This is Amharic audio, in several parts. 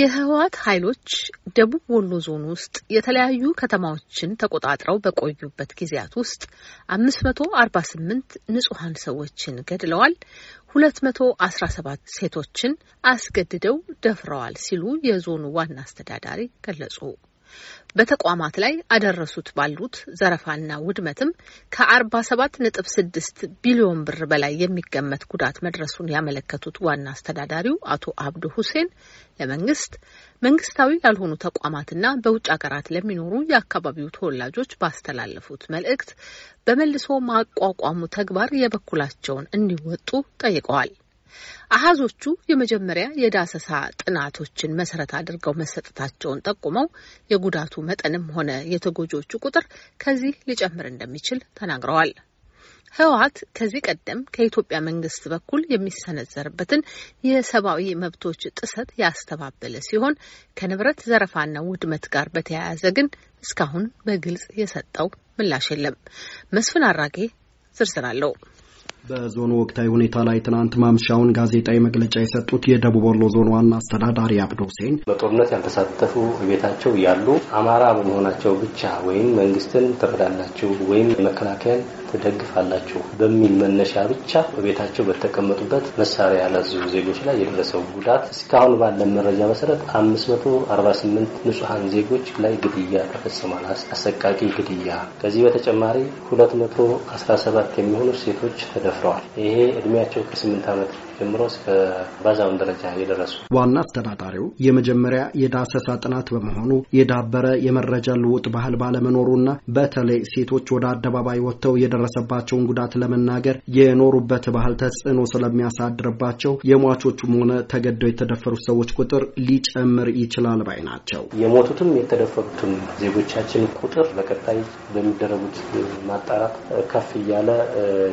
የህወሓት ኃይሎች ደቡብ ወሎ ዞን ውስጥ የተለያዩ ከተማዎችን ተቆጣጥረው በቆዩበት ጊዜያት ውስጥ አምስት መቶ አርባ ስምንት ንጹሐን ሰዎችን ገድለዋል፣ ሁለት መቶ አስራ ሰባት ሴቶችን አስገድደው ደፍረዋል ሲሉ የዞኑ ዋና አስተዳዳሪ ገለጹ። በተቋማት ላይ አደረሱት ባሉት ዘረፋና ውድመትም ከ47.6 ቢሊዮን ብር በላይ የሚገመት ጉዳት መድረሱን ያመለከቱት ዋና አስተዳዳሪው አቶ አብዱ ሁሴን ለመንግስት፣ መንግስታዊ ያልሆኑ ተቋማትና በውጭ ሀገራት ለሚኖሩ የአካባቢው ተወላጆች ባስተላለፉት መልእክት በመልሶ ማቋቋሙ ተግባር የበኩላቸውን እንዲወጡ ጠይቀዋል። አሃዞቹ የመጀመሪያ የዳሰሳ ጥናቶችን መሰረት አድርገው መሰጠታቸውን ጠቁመው የጉዳቱ መጠንም ሆነ የተጎጂዎቹ ቁጥር ከዚህ ሊጨምር እንደሚችል ተናግረዋል። ህወሀት ከዚህ ቀደም ከኢትዮጵያ መንግስት በኩል የሚሰነዘርበትን የሰብአዊ መብቶች ጥሰት ያስተባበለ ሲሆን ከንብረት ዘረፋና ውድመት ጋር በተያያዘ ግን እስካሁን በግልጽ የሰጠው ምላሽ የለም። መስፍን አራጌ ዝርዝር አለው። በዞኑ ወቅታዊ ሁኔታ ላይ ትናንት ማምሻውን ጋዜጣዊ መግለጫ የሰጡት የደቡብ ወሎ ዞን ዋና አስተዳዳሪ አብዶ ሁሴን በጦርነት ያልተሳተፉ ቤታቸው ያሉ አማራ በመሆናቸው ብቻ ወይም መንግስትን ትረዳላችሁ ወይም መከላከያን ትደግፋላችሁ በሚል መነሻ ብቻ በቤታቸው በተቀመጡበት መሳሪያ ያላዘዙ ዜጎች ላይ የደረሰው ጉዳት እስካሁን ባለን መረጃ መሰረት 548 ንጹሐን ዜጎች ላይ ግድያ ተፈጽሟል። አሰቃቂ ግድያ። ከዚህ በተጨማሪ 217 የሚሆኑ ሴቶች ተደፍረዋል። ይሄ እድሜያቸው ከ8 ዓመት ጀምሮ እስከ ባዛውን ደረጃ የደረሱ ዋና አስተዳዳሪው የመጀመሪያ የዳሰሳ ጥናት በመሆኑ የዳበረ የመረጃ ልውጥ ባህል ባለመኖሩና በተለይ ሴቶች ወደ አደባባይ ወጥተው የደ የደረሰባቸውን ጉዳት ለመናገር የኖሩበት ባህል ተጽዕኖ ስለሚያሳድርባቸው የሟቾቹም ሆነ ተገደው የተደፈሩት ሰዎች ቁጥር ሊጨምር ይችላል ባይ ናቸው። የሞቱትም የተደፈሩትም ዜጎቻችን ቁጥር በቀጣይ በሚደረጉት ማጣራት ከፍ እያለ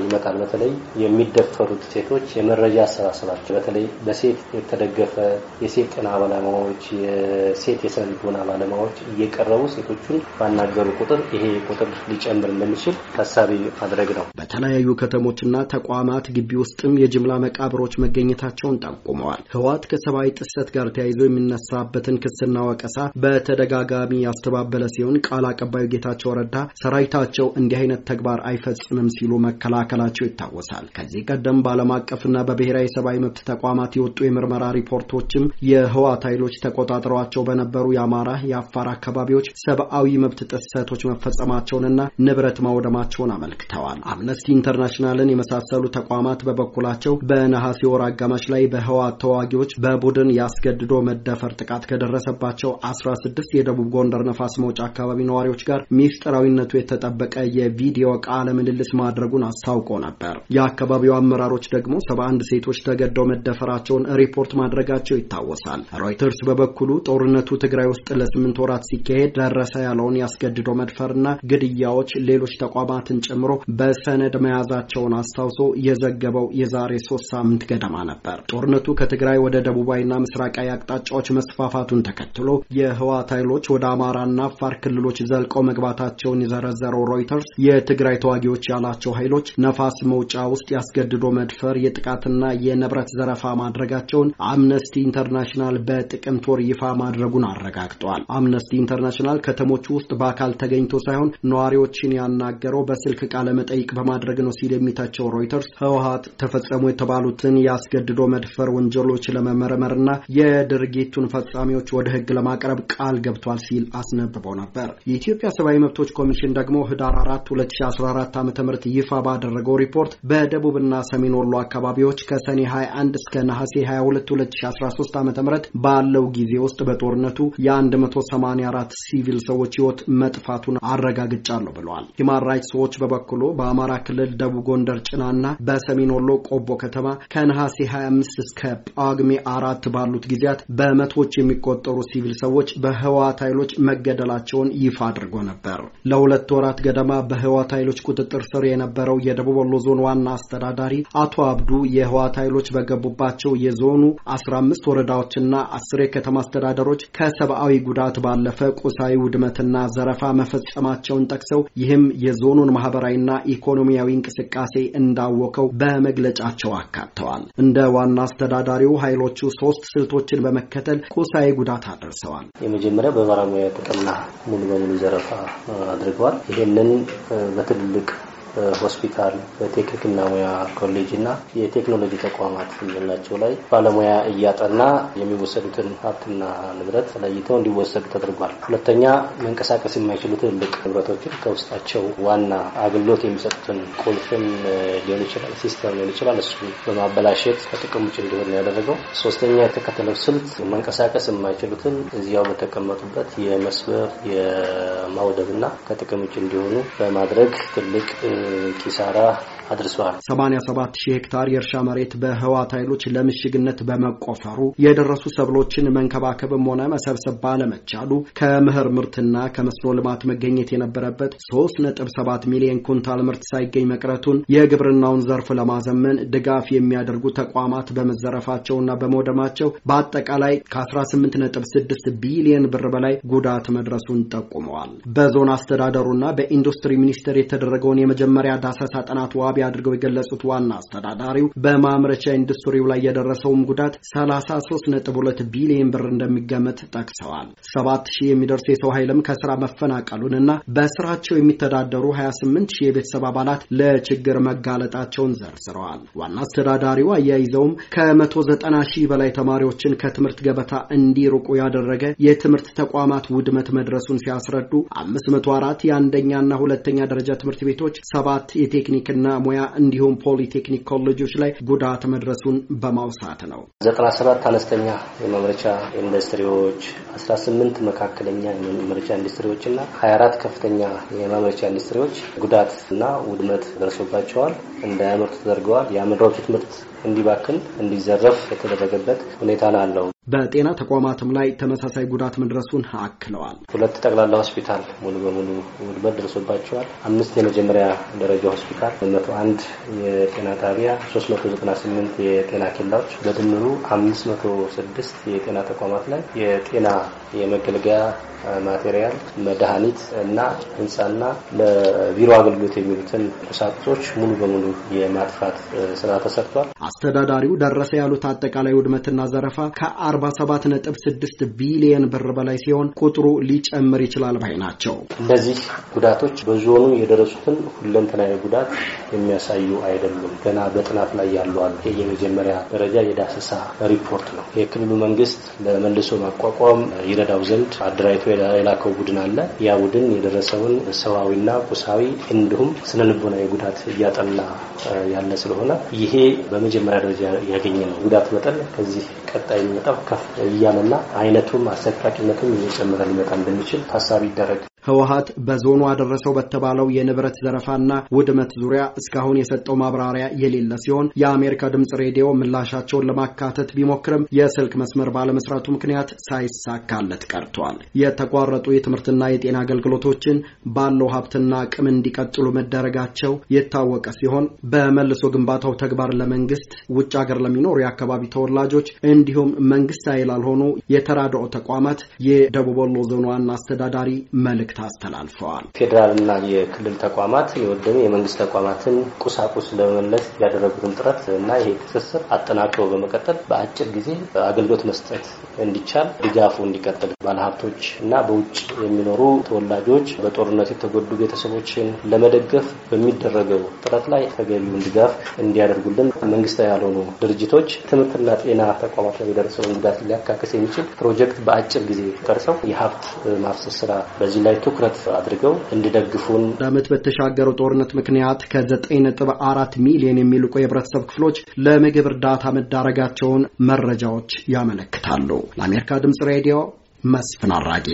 ይመጣል። በተለይ የሚደፈሩት ሴቶች የመረጃ አሰባሰባቸው በተለይ በሴት የተደገፈ የሴት ጤና ባለሙያዎች፣ የሴት የስነ ልቦና ባለሙያዎች እየቀረቡ ሴቶቹን ባናገሩ ቁጥር ይሄ ቁጥር ሊጨምር እንደሚችል ታሳቢ ማድረግ ነው። በተለያዩ ከተሞችና ተቋማት ግቢ ውስጥም የጅምላ መቃብሮች መገኘታቸውን ጠቁመዋል። ህወሓት ከሰብአዊ ጥሰት ጋር ተያይዞ የሚነሳበትን ክስና ወቀሳ በተደጋጋሚ ያስተባበለ ሲሆን ቃል አቀባዩ ጌታቸው ረዳ ሰራዊታቸው እንዲህ አይነት ተግባር አይፈጽምም ሲሉ መከላከላቸው ይታወሳል። ከዚህ ቀደም በዓለም አቀፍና በብሔራዊ የሰብአዊ መብት ተቋማት የወጡ የምርመራ ሪፖርቶችም የህወሓት ኃይሎች ተቆጣጥረዋቸው በነበሩ የአማራ፣ የአፋር አካባቢዎች ሰብአዊ መብት ጥሰቶች መፈጸማቸውንና ንብረት ማውደማቸውን አመልክተዋል። አመልክተዋል። አምነስቲ ኢንተርናሽናልን የመሳሰሉ ተቋማት በበኩላቸው በነሐሴ ወር አጋማሽ ላይ በህወሓት ተዋጊዎች በቡድን ያስገድዶ መደፈር ጥቃት ከደረሰባቸው አስራ ስድስት የደቡብ ጎንደር ነፋስ መውጫ አካባቢ ነዋሪዎች ጋር ሚስጥራዊነቱ የተጠበቀ የቪዲዮ ቃለ ምልልስ ማድረጉን አስታውቆ ነበር። የአካባቢው አመራሮች ደግሞ ሰባ ሴቶች ተገደው መደፈራቸውን ሪፖርት ማድረጋቸው ይታወሳል። ሮይተርስ በበኩሉ ጦርነቱ ትግራይ ውስጥ ለስምንት ወራት ሲካሄድ ደረሰ ያለውን ያስገድዶ መድፈርና ግድያዎች ሌሎች ተቋማትን ጨምሮ በሰነድ መያዛቸውን አስታውሶ የዘገበው የዛሬ ሶስት ሳምንት ገደማ ነበር። ጦርነቱ ከትግራይ ወደ ደቡባዊና ምስራቃዊ አቅጣጫዎች መስፋፋቱን ተከትሎ የህዋት ኃይሎች ወደ አማራና አፋር ክልሎች ዘልቀው መግባታቸውን የዘረዘረው ሮይተርስ የትግራይ ተዋጊዎች ያላቸው ኃይሎች ነፋስ መውጫ ውስጥ ያስገድዶ መድፈር፣ የጥቃትና የንብረት ዘረፋ ማድረጋቸውን አምነስቲ ኢንተርናሽናል በጥቅምት ወር ይፋ ማድረጉን አረጋግጧል። አምነስቲ ኢንተርናሽናል ከተሞቹ ውስጥ በአካል ተገኝቶ ሳይሆን ነዋሪዎችን ያናገረው በስልክ ቃል። ቃለመጠይቅ በማድረግ ነው ሲል የሚታቸው ሮይተርስ ህወሀት ተፈጸሙ የተባሉትን የአስገድዶ መድፈር ወንጀሎች ለመመርመርና የድርጊቱን ፈጻሚዎች ወደ ህግ ለማቅረብ ቃል ገብቷል ሲል አስነብበው ነበር። የኢትዮጵያ ሰብአዊ መብቶች ኮሚሽን ደግሞ ህዳር 4 2014 ዓ ም ይፋ ባደረገው ሪፖርት በደቡብና ሰሜን ወሎ አካባቢዎች ከሰኔ 21 እስከ ነሐሴ 22 2013 ዓ ም ባለው ጊዜ ውስጥ በጦርነቱ የ184 ሲቪል ሰዎች ህይወት መጥፋቱን አረጋግጫለሁ ብለዋል። ሂማን ራይትስ ዎች በበኩሉ ተፈናቅሎ በአማራ ክልል ደቡብ ጎንደር ጭናና በሰሜን ወሎ ቆቦ ከተማ ከነሐሴ 25 እስከ ጳጉሜ አራት ባሉት ጊዜያት በመቶዎች የሚቆጠሩ ሲቪል ሰዎች በህወሓት ኃይሎች መገደላቸውን ይፋ አድርጎ ነበር። ለሁለት ወራት ገደማ በህወሓት ኃይሎች ቁጥጥር ስር የነበረው የደቡብ ወሎ ዞን ዋና አስተዳዳሪ አቶ አብዱ የህወሓት ኃይሎች በገቡባቸው የዞኑ 15 ወረዳዎችና አስር የከተማ አስተዳደሮች ከሰብአዊ ጉዳት ባለፈ ቁሳዊ ውድመትና ዘረፋ መፈጸማቸውን ጠቅሰው ይህም የዞኑን ማህበራዊ ማህበራዊና ኢኮኖሚያዊ እንቅስቃሴ እንዳወቀው በመግለጫቸው አካተዋል። እንደ ዋና አስተዳዳሪው ኃይሎቹ ሶስት ስልቶችን በመከተል ቁሳዊ ጉዳት አደርሰዋል። የመጀመሪያው በባለሙያ ጥቅምና ሙሉ በሙሉ ዘረፋ አድርገዋል። ይህንን በትልልቅ ሆስፒታል፣ በቴክኒክና ሙያ ኮሌጅ እና የቴክኖሎጂ ተቋማት የምንላቸው ላይ ባለሙያ እያጠና የሚወሰዱትን ሀብትና ንብረት ለይተው እንዲወሰዱ ተደርጓል። ሁለተኛ መንቀሳቀስ የማይችሉ ትልልቅ ንብረቶችን ከውስጣቸው ዋና አገልግሎት የሚሰጡትን ቁልፍም ሊሆን ይችላል፣ ሲስተም ሊሆን ይችላል። እሱ በማበላሸት ከጥቅም ውጭ እንዲሆን ያደረገው። ሶስተኛ የተከተለው ስልት መንቀሳቀስ የማይችሉትን እዚያው በተቀመጡበት የመስበር የማውደብና ከጥቅም ውጭ እንዲሆኑ በማድረግ ትልቅ quizá ahora አድርሰዋል። 87 ሺህ ሄክታር የእርሻ መሬት በህዋት ኃይሎች ለምሽግነት በመቆፈሩ የደረሱ ሰብሎችን መንከባከብም ሆነ መሰብሰብ ባለመቻሉ ከምህር ምርትና ከመስኖ ልማት መገኘት የነበረበት 3.7 ሚሊዮን ኩንታል ምርት ሳይገኝ መቅረቱን የግብርናውን ዘርፍ ለማዘመን ድጋፍ የሚያደርጉ ተቋማት በመዘረፋቸውና በመውደማቸው በአጠቃላይ ከ18.6 ቢሊዮን ብር በላይ ጉዳት መድረሱን ጠቁመዋል። በዞን አስተዳደሩና በኢንዱስትሪ ሚኒስቴር የተደረገውን የመጀመሪያ ዳሰሳ ጥናት ዋቢ ታሳቢ አድርገው የገለጹት ዋና አስተዳዳሪው በማምረቻ ኢንዱስትሪው ላይ የደረሰውም ጉዳት 33.2 ቢሊዮን ብር እንደሚገመት ጠቅሰዋል። 7000 የሚደርስ የሰው ኃይልም ከስራ መፈናቀሉንና በስራቸው የሚተዳደሩ 28000 የቤተሰብ አባላት ለችግር መጋለጣቸውን ዘርዝረዋል። ዋና አስተዳዳሪው አያይዘውም ከ190 ሺህ በላይ ተማሪዎችን ከትምህርት ገበታ እንዲርቁ ያደረገ የትምህርት ተቋማት ውድመት መድረሱን ሲያስረዱ 504 የአንደኛና ሁለተኛ ደረጃ ትምህርት ቤቶች፣ ሰባት የቴክኒክና ሙያ እንዲሁም ፖሊቴክኒክ ኮሌጆች ላይ ጉዳት መድረሱን በማውሳት ነው። ዘጠና ሰባት አነስተኛ የማምረቻ ኢንዱስትሪዎች፣ አስራ ስምንት መካከለኛ የማምረቻ ኢንዱስትሪዎች እና ሀያ አራት ከፍተኛ የማምረቻ ኢንዱስትሪዎች ጉዳት እና ውድመት ደርሶባቸዋል። እንዳያመርቱ ተደርገዋል። የአምራቾች ትምህርት እንዲባክን እንዲዘረፍ የተደረገበት ሁኔታ ነው ያለው። በጤና ተቋማትም ላይ ተመሳሳይ ጉዳት መድረሱን አክለዋል። ሁለት ጠቅላላ ሆስፒታል ሙሉ በሙሉ ውድመት ደርሶባቸዋል። አምስት የመጀመሪያ ደረጃ ሆስፒታል፣ መቶ አንድ የጤና ጣቢያ፣ ስምንት የጤና ኬላዎች በድምሩ ስድስት የጤና ተቋማት ላይ የጤና የመገልገያ ማቴሪያል፣ መድኃኒት እና ህንፃና ለቢሮ አገልግሎት የሚሉትን ቁሳቁሶች ሙሉ በሙሉ የማጥፋት ስራ ተሰርቷል። አስተዳዳሪው ደረሰ ያሉት አጠቃላይ ውድመትና ዘረፋ ከ47.6 47 ቢሊየን ብር በላይ ሲሆን ቁጥሩ ሊጨምር ይችላል ባይ ናቸው። እነዚህ ጉዳቶች በዞኑ የደረሱትን ሁለንተናዊ ጉዳት የሚያሳዩ አይደሉም። ገና በጥናት ላይ ያሉ የመጀመሪያ ደረጃ የዳሰሳ ሪፖርት ነው። የክልሉ መንግስት ለመልሶ ማቋቋም ይረዳው ዘንድ አደራጅቶ የላከው ቡድን አለ። ያ ቡድን የደረሰውን ሰብአዊና ቁሳዊ እንዲሁም ልቦናዊ ጉዳት እያጠና ያለ ስለሆነ ይሄ በመጀመሪያ ደረጃ ያገኘ ነው። ጉዳት መጠን ከዚህ ቀጣይ የሚመጣው ከፍ እያለና አይነቱም አሰቃቂነቱም እየጨመረ ሊመጣ እንደሚችል ታሳቢ ይደረግ። ህወሀት በዞኑ አደረሰው በተባለው የንብረት ዘረፋና ውድመት ዙሪያ እስካሁን የሰጠው ማብራሪያ የሌለ ሲሆን የአሜሪካ ድምጽ ሬዲዮ ምላሻቸውን ለማካተት ቢሞክርም የስልክ መስመር ባለመስራቱ ምክንያት ሳይሳካለት ቀርቷል። የተቋረጡ የትምህርትና የጤና አገልግሎቶችን ባለው ሀብትና አቅም እንዲቀጥሉ መደረጋቸው የታወቀ ሲሆን በመልሶ ግንባታው ተግባር ለመንግስት ውጭ ሀገር ለሚኖሩ የአካባቢ ተወላጆች እንዲሁም መንግስታዊ ላልሆኑ የተራድኦ ተቋማት የደቡብ ወሎ ዞን ዋና አስተዳዳሪ መልእክት መልእክት አስተላልፈዋል። ፌዴራልና የክልል ተቋማት የወደሙ የመንግስት ተቋማትን ቁሳቁስ ለመመለስ ያደረጉትን ጥረት እና ይሄ ትስስር አጠናክሮ በመቀጠል በአጭር ጊዜ አገልግሎት መስጠት እንዲቻል ድጋፉ እንዲቀጥል ባለሀብቶች እና በውጭ የሚኖሩ ተወላጆች በጦርነት የተጎዱ ቤተሰቦችን ለመደገፍ በሚደረገው ጥረት ላይ ተገቢውን ድጋፍ እንዲያደርጉልን መንግስታዊ ያልሆኑ ድርጅቶች ትምህርትና ጤና ተቋማት ላይ የደረሰውን ጉዳት ሊያካክስ የሚችል ፕሮጀክት በአጭር ጊዜ ቀርሰው የሀብት ማፍሰስ ስራ በዚህ ላይ ትኩረት አድርገው እንዲደግፉን ለዓመት በተሻገረው ጦርነት ምክንያት ከዘጠኝ ነጥብ አራት ሚሊዮን የሚልቁ የህብረተሰብ ክፍሎች ለምግብ እርዳታ መዳረጋቸውን መረጃዎች ያመለክታሉ። ለአሜሪካ ድምጽ ሬዲዮ መስፍን አራጌ